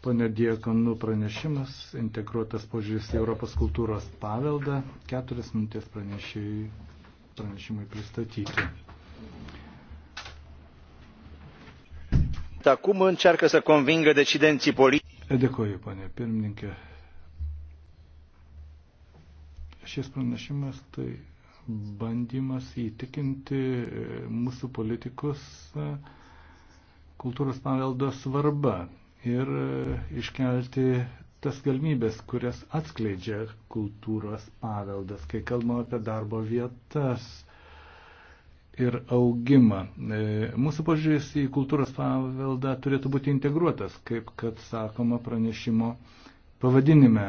Pane Diekonų pranešimas, integruotas požiūris į Europos kultūros paveldą, keturias minutės pranešimui pristatyti. Acum încearcă să convingă decidenții politici. E, dėkoju, pane pirmininkė. Šis pranešimas tai bandymas įtikinti e, mūsų politikus e, kultūros paveldo svarba ir e, iškelti tas galimybės, kurias atskleidžia kultūros paveldas, kai kalbame apie darbo vietas ir augimą. E, mūsų požiūrės į kultūros paveldą turėtų būti integruotas, kaip kad sakoma pranešimo pavadinime.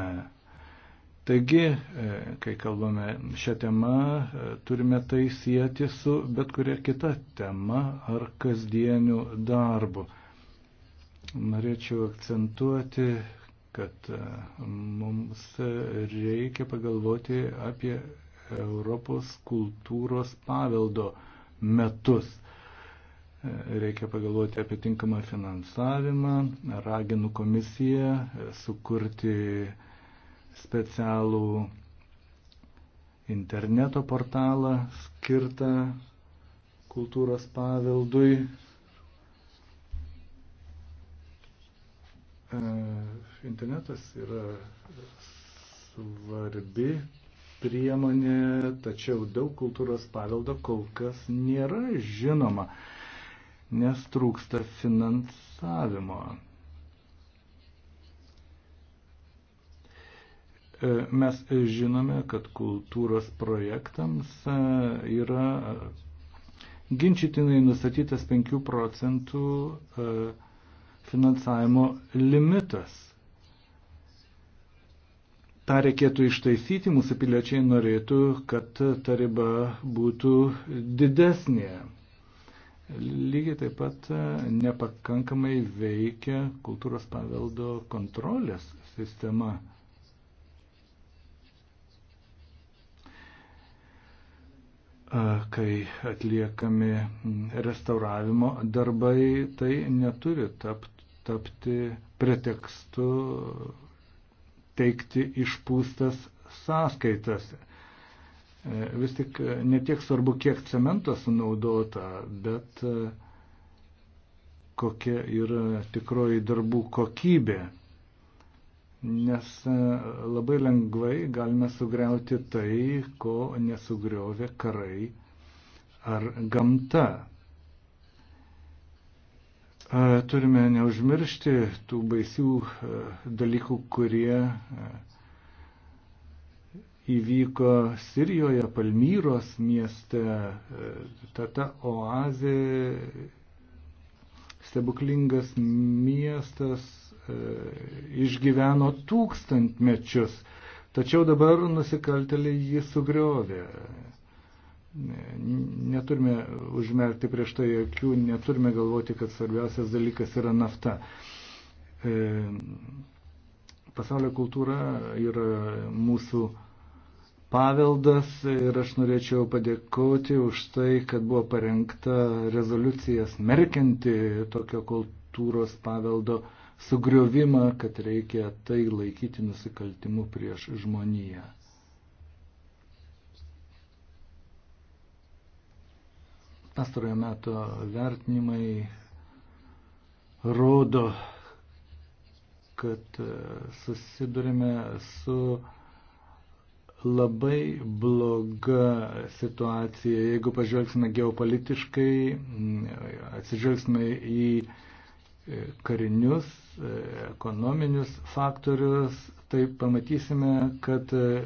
Taigi, e, kai kalbame šią temą, turime tai sieti su bet kuria kita tema ar kasdieniu darbu norėčiau akcentuoti, kad e, mums reikia pagalvoti apie Europos kultūros paveldo metus. E, reikia pagalvoti apie tinkamą finansavimą, raginu komisiją e, sukurti specialų interneto portalą skirtą kultūros paveldui E, internetas yra svarbi priemonė, tačiau daug kultūros paveldo kol kas nėra žinoma, nes trūksta finansavimo. E, mes žinome, kad kultūros projektams e, yra ginčytinai nustatytas 5 procentų finansavimo limitas. Ta reikėtų ištaisyti, mūsų piliečiai norėtų, kad ta riba būtų didesnė. Lygiai taip pat nepakankamai veikia kultūros paveldo kontrolės sistema. kai atliekami restauravimo darbai, tai neturi tapti, tapti pretekstu teikti išpūstas sąskaitas. E, vis tik e, ne tiek svarbu, kiek cemento sunaudota, bet e, kokia yra tikroji darbų kokybė nes e, labai lengvai galime sugriauti tai, ko nesugriovė karai ar gamta. E, turime neužmiršti tų baisių e, dalykų, kurie įvyko Sirijoje, Palmyros mieste, ta ta oazė, stebuklingas miestas, E, išgyveno tūkstantmečius, tačiau dabar nusikaltėliai jį sugriovė. Neturime užmerkti prieš tai akių, neturime galvoti, kad svarbiausias dalykas yra nafta. E, pasaulio kultūra yra mūsų paveldas ir aš norėčiau padėkoti už tai, kad buvo parengta rezoliucija smerkianti tokio kultūros paveldo sugriovimą, kad reikia tai laikyti nusikaltimu prieš žmoniją. Pastarojo meto vertinimai rodo, kad e, susidurime su labai bloga situacija. Jeigu pažvelgsime geopolitiškai, atsižvelgsime į karinius, e, ekonominius faktorius, tai pamatysime, kad e,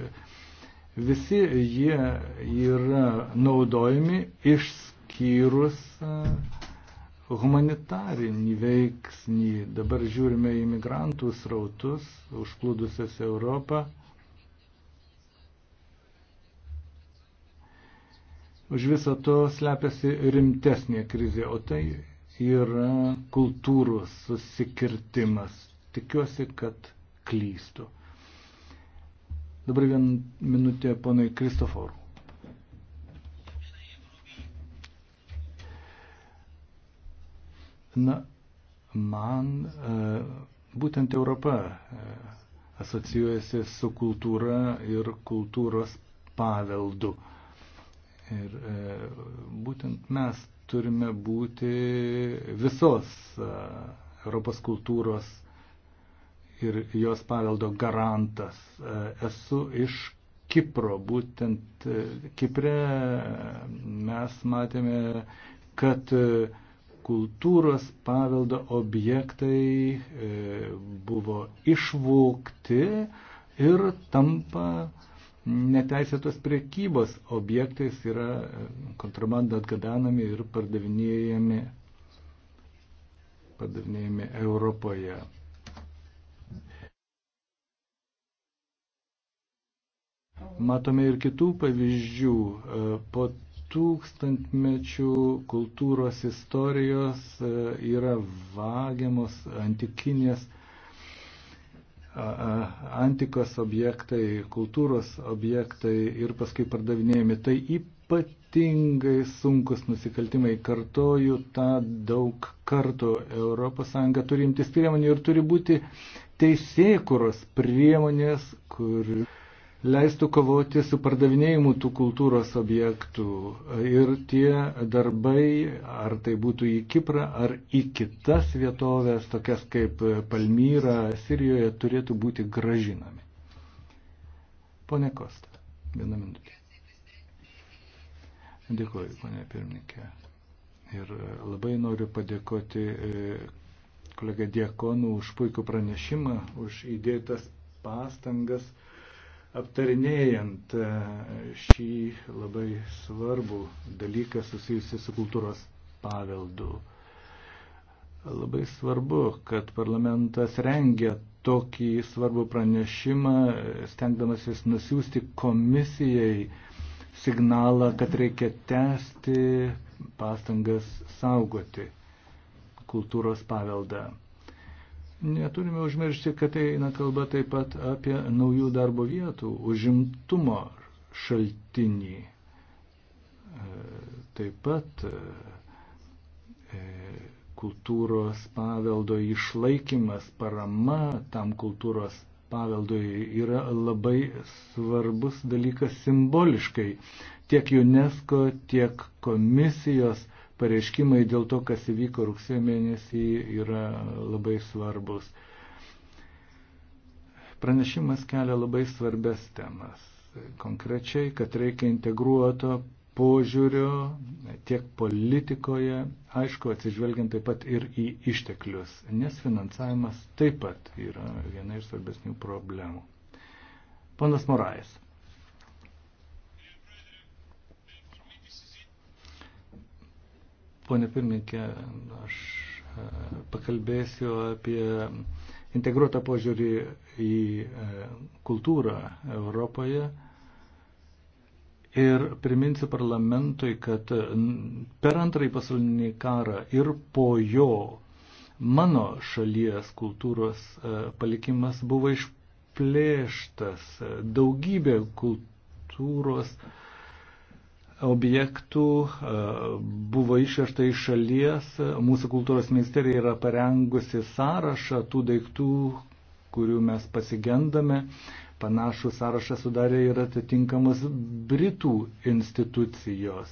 visi jie yra naudojami išskyrus e, humanitarinį veiksnį. Dabar žiūrime į migrantų srautus, užplūdusias Europą. Už viso to slepiasi rimtesnė krizė, o tai yra kultūros susikirtimas. Tikiuosi, kad klystu. Dabar vieną minutę ponai Kristoforų. Na, man e, būtent Europa e, asocijuojasi su kultūra ir kultūros paveldu. Ir e, būtent mes turime būti visos e, Europos kultūros ir jos paveldo garantas. E, esu iš Kipro, būtent e, Kipre mes matėme, kad kultūros paveldo objektai buvo išvokti ir tampa neteisėtos priekybos objektais yra e, kontrabandą atgabenami ir pardavinėjami, pardavinėjami Europoje. Matome ir kitų pavyzdžių. E, po tūkstantmečių kultūros istorijos e, yra vagiamos antikinės antikos objektai, kultūros objektai ir paskui pardavinėjami. Tai ypatingai sunkus nusikaltimai. Kartoju tą daug kartų. ES turi imtis priemonių ir turi būti teisėkuros priemonės, kur leistų kovoti su pardavinėjimu tų kultūros objektų. Ir tie darbai, ar tai būtų į Kiprą, ar į kitas vietovės, tokias kaip Palmyra, Sirijoje, turėtų būti gražinami. Pone Kosta, vieną minutę. Dėkuoju, ponė pirmininkė. Ir labai noriu padėkoti e, kolega Diekonų už puikų pranešimą, už įdėtas pastangas aptarinėjant e, šį labai svarbų dalyką susijusi su kultūros paveldu. Labai svarbu, kad parlamentas rengia tokį svarbų pranešimą, stengdamasis nusiųsti komisijai signalą, kad reikia tęsti pastangas saugoti kultūros paveldą. Neturime užmiršti, kad tai eina kalba taip pat apie naujų darbo vietų, užimtumo šaltinį. E, taip pat e, e, kultūros paveldo išlaikimas, parama tam kultūros paveldui yra labai svarbus dalykas simboliškai. Tiek UNESCO, tiek komisijos pareiškimai dėl to, kas įvyko rugsėjo mėnesį, yra labai svarbus. Pranešimas kelia labai svarbes temas. Konkrečiai, kad reikia integruoto požiūrio tiek politikoje, aišku, atsižvelgiant taip pat ir į išteklius, nes finansavimas taip pat yra viena iš svarbesnių problemų. Ponas Morais. Pone pirmininkė, aš e, pakalbėsiu apie integruotą požiūrį į e, kultūrą Europoje. Ir priminsiu parlamentui, kad per antrąjį pasaulinį karą ir po jo mano šalies kultūros e, palikimas buvo išplėštas. Daugybė kultūros uh, objektų e, buvo išvežta iš šalies. Mūsų kultūros ministerija yra parengusi sąrašą tų daiktų, kurių mes pasigendame. Panašų sąrašą sudarė ir atitinkamas Britų institucijos.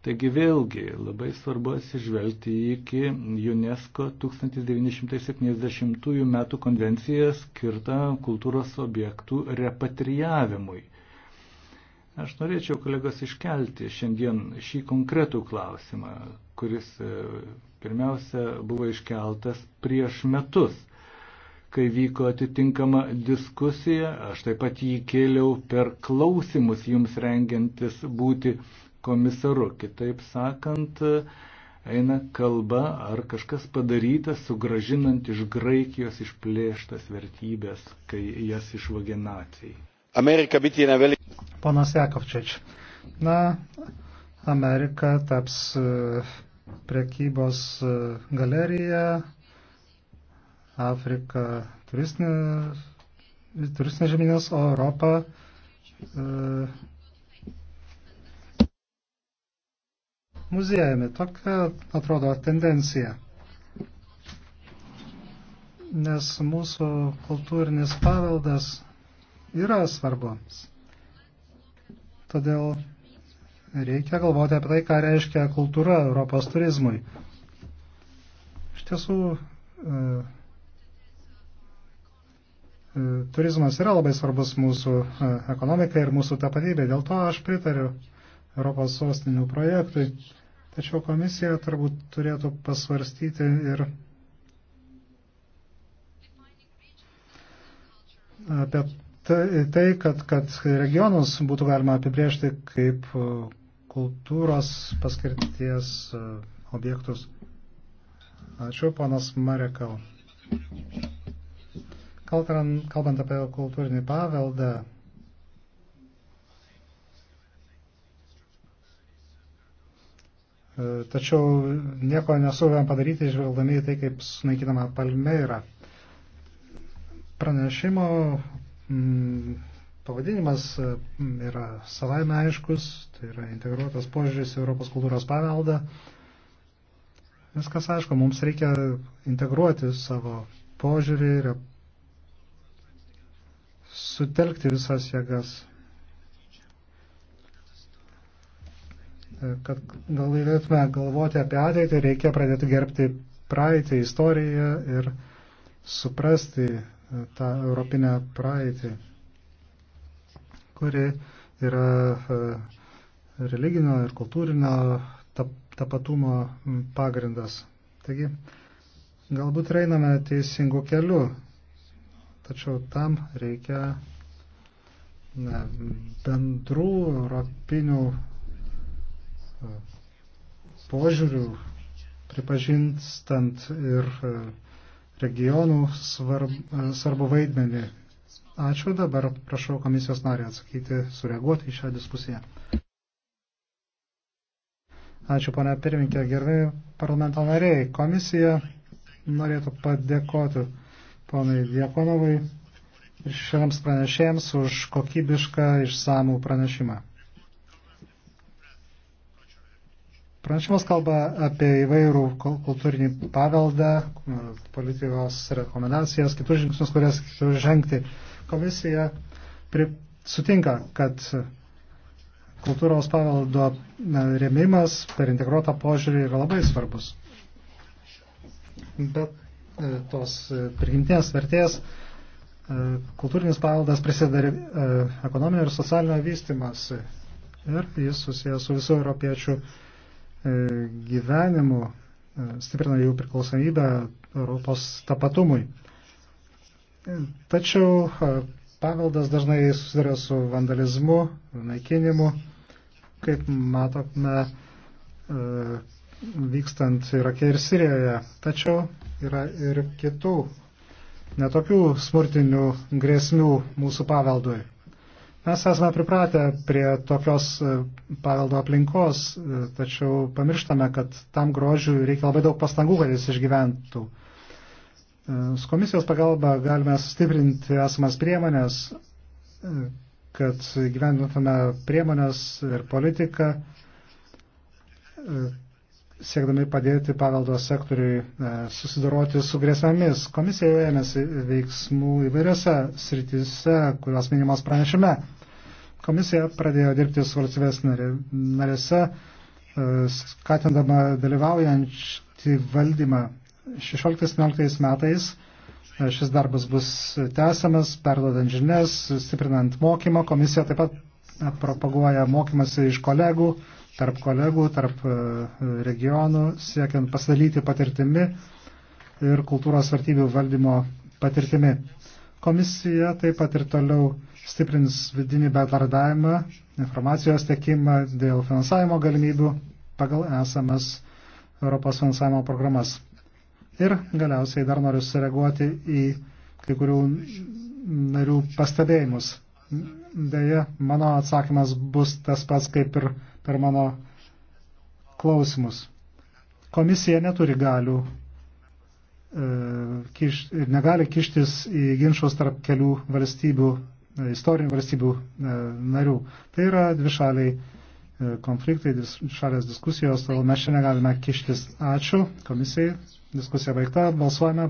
Taigi vėlgi labai svarbu atsižvelgti iki UNESCO 1970 m. konvenciją skirtą kultūros objektų repatrijavimui. Aš norėčiau, kolegos, iškelti šiandien šį konkretų klausimą, kuris e, pirmiausia buvo iškeltas prieš metus, kai vyko atitinkama diskusija. Aš taip pat jį kėliau per klausimus jums rengiantis būti komisaru. Kitaip sakant, eina kalba, ar kažkas padaryta, sugražinant iš Graikijos išplėštas vertybės, kai jas išvagė nacijai. Amerika biti viena velika. Ponas Jakovčič. Na, Amerika taps e, prekybos e, galerija, Afrika turistinė, turistinė žemynės, o Europa e, muziejami. Tokia atrodo tendencija. Nes mūsų kultūrinis paveldas yra svarbus. Todėl reikia galvoti apie tai, ką reiškia kultūra Europos turizmui. Iš tiesų, e, e, turizmas yra labai svarbus mūsų e, ekonomikai ir mūsų tapatybė. Dėl to aš pritariu Europos sostinių projektui. Tačiau komisija turbūt turėtų pasvarstyti ir apie Tai, tai, kad, kad regionus būtų galima apibriežti kaip e, kultūros paskirties e, objektus. Ačiū, ponas Marekal. Kalbant apie kultūrinį paveldą, e, tačiau nieko nesuvėm padaryti, išvelgdami tai, kaip sunaikinama Palmeira. Pranešimo Mm, pavadinimas e, mm, yra savaime aiškus, tai yra integruotas požiūris į Europos kultūros paveldą. Viskas aišku, mums reikia integruoti savo požiūrį ir sutelkti visas jėgas, e, kad galėtume galvoti apie ateitį, reikia pradėti gerbti praeitį, istoriją ir suprasti tą europinę praeitį, kuri yra e, religinio ir kultūrinio tapatumo pagrindas. Taigi, galbūt einame teisingu keliu, tačiau tam reikia ne, bendrų europinių e, požiūrių pripažinstant ir uh, regionų svarb, svarbu vaidmenį. Ačiū, dabar prašau komisijos narį atsakyti, sureaguoti į šią diskusiją. Ačiū, ponia pirminkė, gerai parlamento nariai. Komisija norėtų padėkoti ponai Diekonovai ir šiems pranešėjams už kokybišką išsamų pranešimą. Pranešimas kalba apie įvairų kultūrinį paveldą, politikos rekomendacijas, kitus žingsnius, kurias turi žengti. Komisija pri, sutinka, kad kultūros paveldo rėmimas per integruotą požiūrį yra labai svarbus. Bet e, tos prigimtinės vertės e, kultūrinis paveldas prisideda e, ekonominio ir socialinio vystimas ir jis susijęs su visų europiečių E, gyvenimu, e, stiprina jų priklausomybę Europos tapatumui. E, tačiau paveldas dažnai susiduria su vandalizmu, naikinimu, kaip matome vykstant Irake ir Sirijoje. Tačiau yra ir kitų netokių smurtinių grėsmių mūsų paveldui. Mes esame pripratę prie tokios e, paveldo aplinkos, e, tačiau pamirštame, kad tam grožiui reikia labai daug pastangų, kad jis išgyventų. E, su komisijos pagalba galime sustiprinti esamas priemonės, kad gyventume priemonės ir politiką, siekdami padėti paveldo sektoriui e, susidoroti su grėsmėmis. Komisija jau ėmėsi veiksmų įvairiose sritise, kurios minimos pranešime. Komisija pradėjo dirbti su valstybės narėse, e, skatindama dalyvaujantį valdymą 16-17 metais. E, šis darbas bus tęsiamas, perdodant žinias, stiprinant mokymą. Komisija taip pat propaguoja mokymasi iš kolegų, tarp kolegų, tarp e, regionų, siekiant pasidalyti patirtimi ir kultūros vertybių valdymo patirtimi. Komisija taip pat ir toliau stiprins vidinį bendradavimą, informacijos tiekimą dėl finansavimo galimybių pagal esamas Europos finansavimo programas. Ir galiausiai dar noriu sureaguoti į kai kurių narių pastebėjimus. Deja, mano atsakymas bus tas pats kaip ir per mano klausimus. Komisija neturi galių, e, kiš, negali kištis į ginčius tarp kelių valstybių, e, istorinių valstybių e, narių. Tai yra dvišaliai e, konfliktai, šalės diskusijos, todėl mes čia negalime kištis. Ačiū komisijai, diskusija baigta, balsuojame.